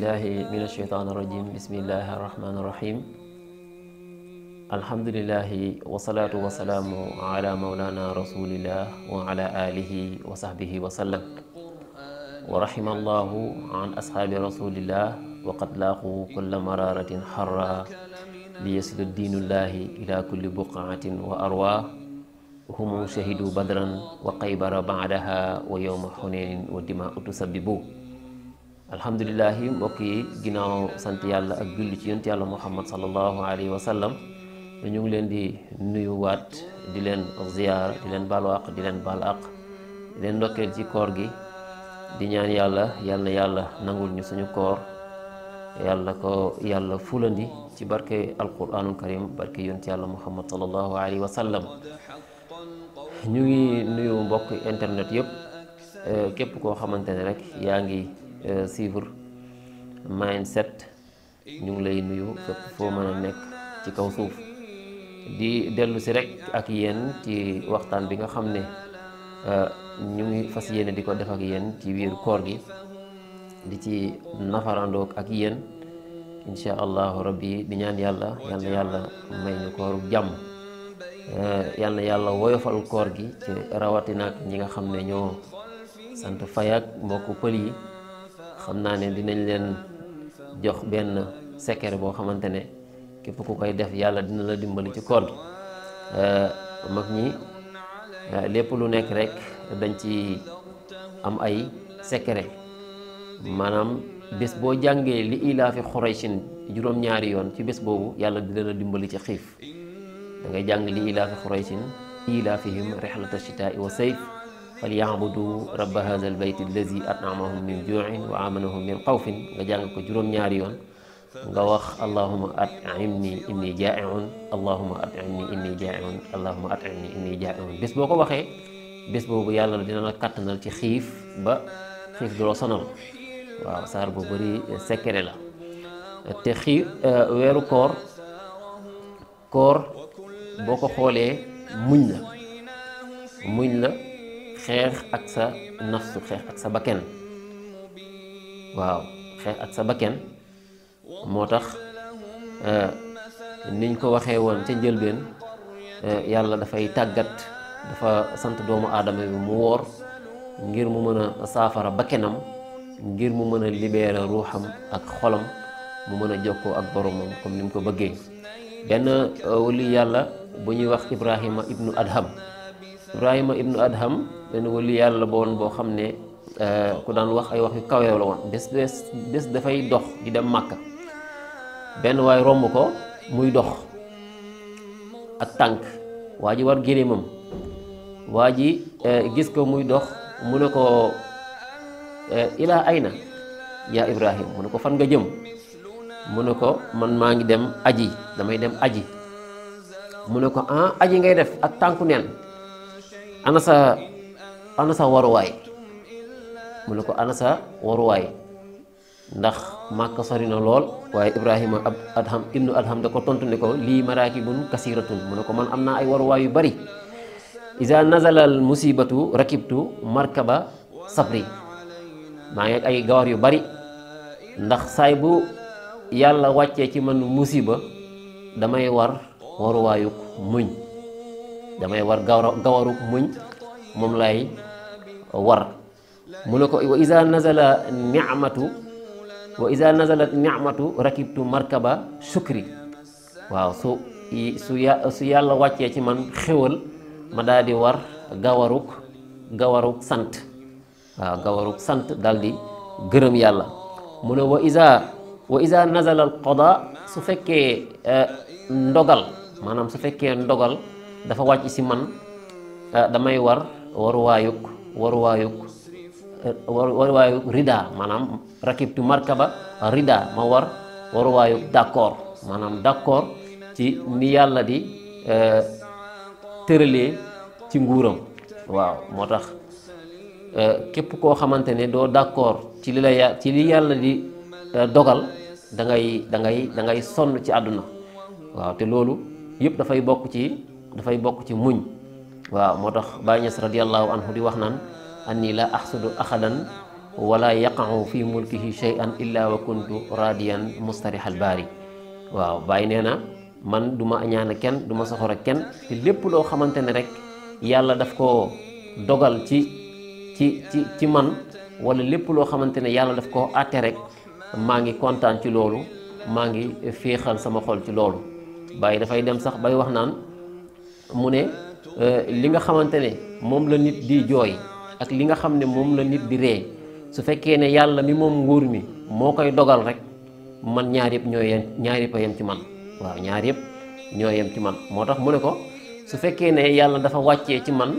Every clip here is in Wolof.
بالله من الشيطان الرجيم بسم الله الرحمن الرحيم الحمد لله والصلاة والسلام على مولانا رسول الله وعلى آله وصحبه وسلم ورحم الله عن أصحاب رسول الله وقد لاقوا كل مرارة حرة ليسد الدين الله إلى كل بقعة وأرواح هم شهدوا بدرا وقيبر بعدها ويوم حنين والدماء تسببوه alhamdulilahi mbokk yi ginnaaw sant yàlla ak julli ci yonent yàlla muhammad sallallahu alayhi wa sallam ñu ngi leen di nuyuwaat di leen ziyaar di leen baalu àq di leen baal àq di leen ndokkeel ci koor gi di ñaan yàlla yàlla yàlla nangul ñu suñu koor yàlla ko yàlla fulandi ci barke alquranul karim barke yonent yàlla muhammad sallallahu alayhi wa sallam ñu ngi nuyu mbokk internet yëpp eh, képp koo xamante ne rek yaa ngi Eh, sivur mindset ñu ngi lay nuyu fépp foo mën a nekk ci kaw suuf di dellu si rek ak yéen ci waxtaan bi nga xam ne eh, ñu ngi fas yéene di ko def ak yéen ci koor gi di ci nafarandoog ak yéen insha allah rabbi di ñaan yàlla yàlla yàlla may ñu koor jàmm eh, yàlla yàlla woyofal koor gi ci rawatina ñi nga xam ne ñoo sant xam naa ne dinañ leen jox benn secret boo xamante ne képp ku koy def yàlla dina la dimbali ci koor euh, mag ñi euh, lépp lu nekk rek dañ ci am ay secret maanaam bés boo jàngee li fi ilaafi xoraysin juróom-ñaari yoon ci bés boobu yàlla dina la dimbali ci xiif da ngay jàng li ilaafi xoraysin ilaafihim rexlata chitaa wa sayf فليعبدوا رب هذا البيت الذي أطعمهم من جوع وآمنهم من خوف وجعلك جروم ناريون غوخ اللهم أطعمني إني جائع اللهم أطعمني إني جائع اللهم أطعمني إني جائع بس بوكو وخي بس بو بو يالا دينا كاتنا تخيف با خيف دلو سنل واو سار بو بري سكري لا تخيف ويرو كور كور بوكو خولي مجنة مجنة خير اكسا نفسه خير اكسا بكن واو خير اكسا بكن موتاخ نين كو واخي وون تي جيل بين يالا دا فاي تاغات دا فا سانت دومو ادم مو وور غير مو مانا سافر بكنم غير مو مانا ليبر روحم اك خولم مو مانا جوكو اك بروموم كوم نيم كو بيغي بن ولي يالا بو ني واخ ابراهيم ابن ادهم Ibrahima ibnu Adham benn wali yàlla ba boo xam ne euh, ku daan wax ay wax yu kawe la woon bés bés dafay dox di dem Màkka benn waay romb ko muy dox ak tànk waa ji war géléemam waa ji euh, gis ko muy dox mu ne ko euh, ilaa ayna yaa Ibrahim mu ne ko fan nga jëm mu ne ko man maa ngi dem aji damay dem aji mu ne ko ah aji ngay def ak tànku neen ana sa ana sa waruwaay mu ne ko ana sa waruwaay ndax màkka sori na lool waaye ibrahima ab adham ibnu adham da ko tontu ne ko lii maraakibun kasiratun mu ne ko man am naa ay waruwaay yu bari isa nazalal musibatu rakibtu markaba sabri maa ngi ay gawar yu bari ndax saay bu yàlla wàccee ci man musiba damay war waruwaayuk muñ damay war gawar muñ moom lay war mu ne ko wa iza nazala ni'matu wa iza rakibtu markaba shukri waaw su su yà su yàlla wàccee ci man xéwal ma daal war gawaruk gawaruk sant waaw gawaruk sant daldi gërëm yàlla mu ne wa iza wa al qada su fekkee eh, ndogal maanaam su fekkee ndogal dafa wàcc si man eh, damay war waruwaayug waruwaayug eh, waruwaayug rida maanaam rakibtu markaba rida ma war waruwaayug d'accord maanaam d'accord ci ni yàlla di eh, tëralee ci nguuram waaw moo tax képp koo xamante ne doo d'accord ci li la ci li yàlla di dogal dangay ngay da ngay sonn ci àdduna waaw te loolu yëpp dafay bokk ci fay bok ci muñ wa motax tax Baay radiyallahu anhu di wax nan anni la ahsudu akhadan wala yaqa'u fi mulkihi shay'an illa wa kuntu radiyan mustarihal baari waaw man duma ma ken duma du ma soxor ak te lepp lo xamantene rek yalla daf ko dogal ci ci ci ci man wala lepp lo xamantene yalla daf ko até rek ma ngi contane ci lolu ma ngi fexal sama xol ci loolu da fay dem sax bay wax nan mu ne euh, li nga xamante ne moom la nit di jooy ak li nga xam ne moom la nit di ree su fekkee ne yàlla mi moom nguur mi moo koy dogal rek man ñaar yëpp ñoo yem ñaar yëpp a yem ci man waaw ñaar yëpp ñoo yem ci man moo tax mu ne ko su fekkee ne yàlla dafa wàccee ci man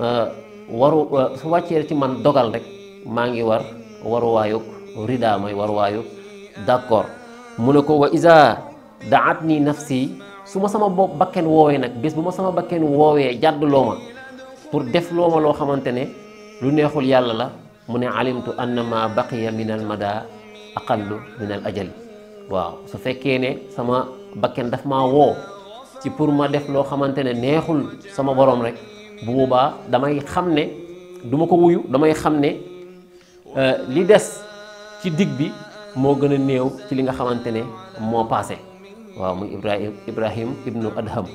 euh, waru euh, su wàccee ci man dogal rek maa ngi war waruwaayug rida mooy waruwaayug d'accord mu ne ko wa isa daat ni nafsi suma sama bakken wowe nak bis buma sama bakken wowe jàdduloo ma pour def loma ma xamantene ne lu neexul yalla la mune alimtu annama baqiya min al mada aqallu min al ajal waaw su fekke ne sama bakken daf ma wo ci pour ma def lo xamantene neexul sama borom rek bu boobaa damay xamne duma ko wuyu damay xamne ne euh, li dess ci dig bi mo gëna neew ci li nga xamantene ne moo waaw muy Ibrahim Ibrahim ibnu Adham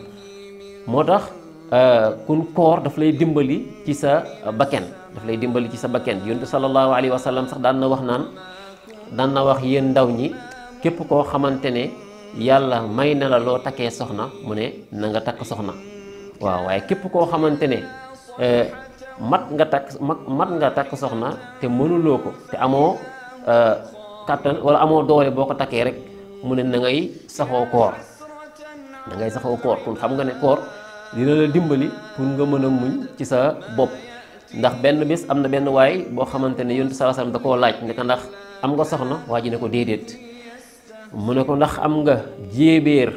moo tax euh, kun koor daf lay dimbali ci sa bakken daf lay dimbali ci sa bakken yonent sallallahu alayhi wa sallam sax daan na wax naan daan na wax yéen ndaw ñi képp koo xamante ne yàlla may na la loo takkee soxna mu ne na nga takk soxna waaw waaye képp koo xamante ne euh, mat nga takk mat nga takk soxna te mënuloo ko te amoo euh, kàttan walla amoo doole boo ko takkee rek mu ne na ngay saxoo koor da ngay saxoo koor kon xam nga ne koor dina la dimbali pour nga mën a muñ ci sa bopp ndax benn bis am na benn waay boo xamante ne yontu saa salaam da koo laaj ne ko ndax am nga soxna waa ji ne ko déedéet mu ne ko ndax am nga jéebéer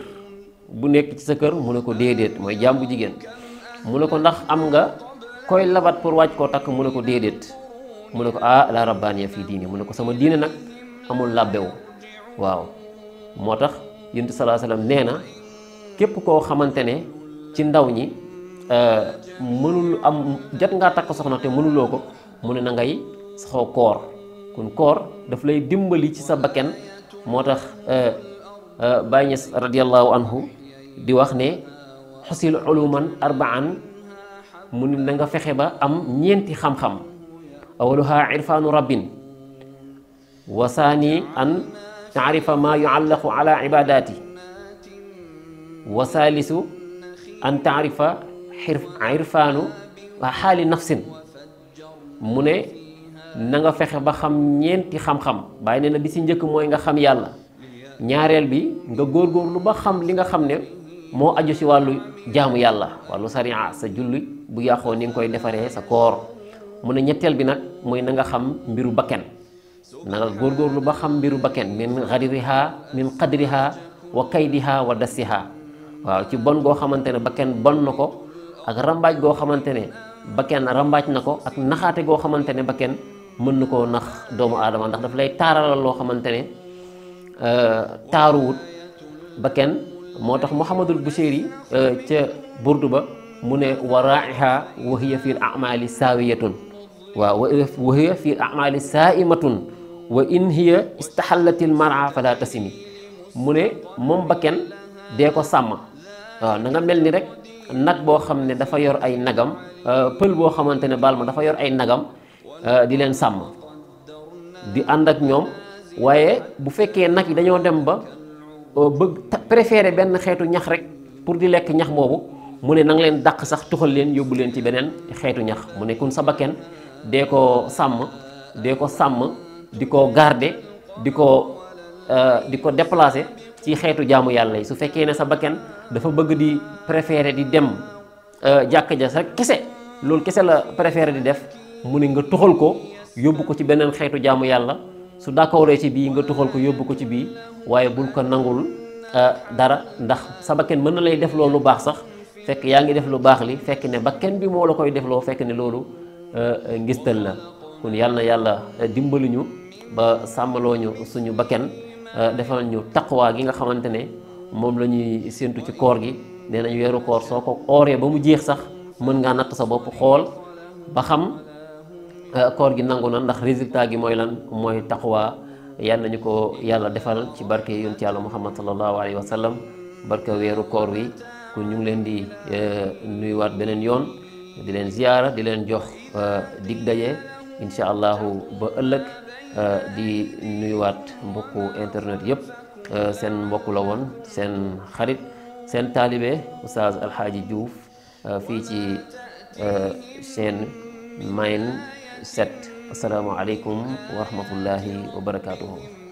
bu nekk ci sa kër mu ne ko déedéet mooy jaam jigéen ko ndax am nga koy labat pour koo takk mu ko déedéet mu ko ah la rabbaaniya fi diini mu ko sama diine nag amul làbbewu waaw motax yunus sallallahu alaihi salaam neena kep ko xamantene ci ndaw ñi euh, mënul am jot nga tak soxna te mënul loko mune na ngay saxoo koor kun koor daf lay dimbali ci sa bakken motax euh euh Ñas radiyallahu anhu di wax ne husil uluman arbaan mu na nga ba am ñenti xam-xam awluha irfanu rabbin wasani an ta'rifa ma yuallaqu ala ibadati wa salisu an taarifa irfaanu wa xaali nafsin mune ne na nga fexe ba xam ñeenti xam-xam bàyyi na bi si njëkk mooy nga xam yàlla ñaareel bi nga ba xam li nga xam ne mo aju si wàllu jaamu yalla wàllu sariya sa julli bu yàqoo ni nga koy defaree sa koor mu ne ñetteel bi nag mooy na nga xam mbiru bakken na nga góorgóorlu ba xam mbiru bakken min xaririha min qadriha wa kaydiha wa dasiha waaw ci bon goo xamante ne kenn bon na ko ak rambaaj goo xamante ne kenn rambaaj na ko ak naxaate goo xamante ne kenn mën na koo nax doomu aadama ndax daf lay taaralal loo xamante ne euh, ba kenn moo tax Muhammadul Busiri euh, ca burdu ba mu ne wa raiha fi l amali saawiyatun waaw wa fi l amali saaimatun wa in hiya istaxallatil mara fala tasimi mu ne moom bakken dee ko sàmm waaw nanga mel ni rek nag boo xam ne dafa yor ay nagam euh, pël boo xamante ne baal ma dafa yor ay nagam euh, di leen sàmm di ànd ak ñoom waaye bu fekkee nag yi dañoo dem ba euh, bëgg préféré benn xeetu ñax rek pour di lekk ñax boobu mu ne na leen dàq sax tuxal leen yóbbu leen ci beneen xeetu ñax mu ne kun sa bakken dee ko sàmm dee ko sàmm di ko garde di ko euh, di ko déplacer ci xeetu jaamu yàlla yi su fekkee ne sa bakkan dafa bëgg di préférer di dem euh, jàkka ja rek kese loolu kese la préférer di def mu ne nga tuxal ko yóbbu ko ci beneen xeetu jaamu yàlla su d'accord ci bii nga tuxal ko yóbbu ko ci bii waaye bul ko nangul euh, dara ndax sa bakkan mën na lay def loolu lu baax sax fekk yaa ngi def lu baax li fekk ne bakkan bi moo la koy defloo fekk ne loolu ngistal la kon yàlla yàlla dimbali ñu ba sàmmaloo ñu suñu bakken euh, defal ñu taqwa gi nga xamante ne moom la ñuy séentu ci koor gi nee nañ weeru koor soo ko ooree ba mu jeex sax mën ngaa natt sa bopp xool ba xam euh, koor gi nangu na ndax résultat gi mooy lan mooy taqwa yal nañu ko yàlla defal ci barke yonent yàlla muhammad sallallahu alayhi wa sallam barke weeru koor wi kon ñu ngi leen di euh, nuyuwaat beneen yoon di leen ziyaara di leen jox dig daje incha ba ëllëg Euh, di nuyuwaat mbokku internet yëpp euh, seen mbokku la woon seen xarit seen taalibe Oustaz alxaaji Diouf euh, fii ci seen Mind 7 asalaamaaleykum wa rahmatullahi wa barakaatuhu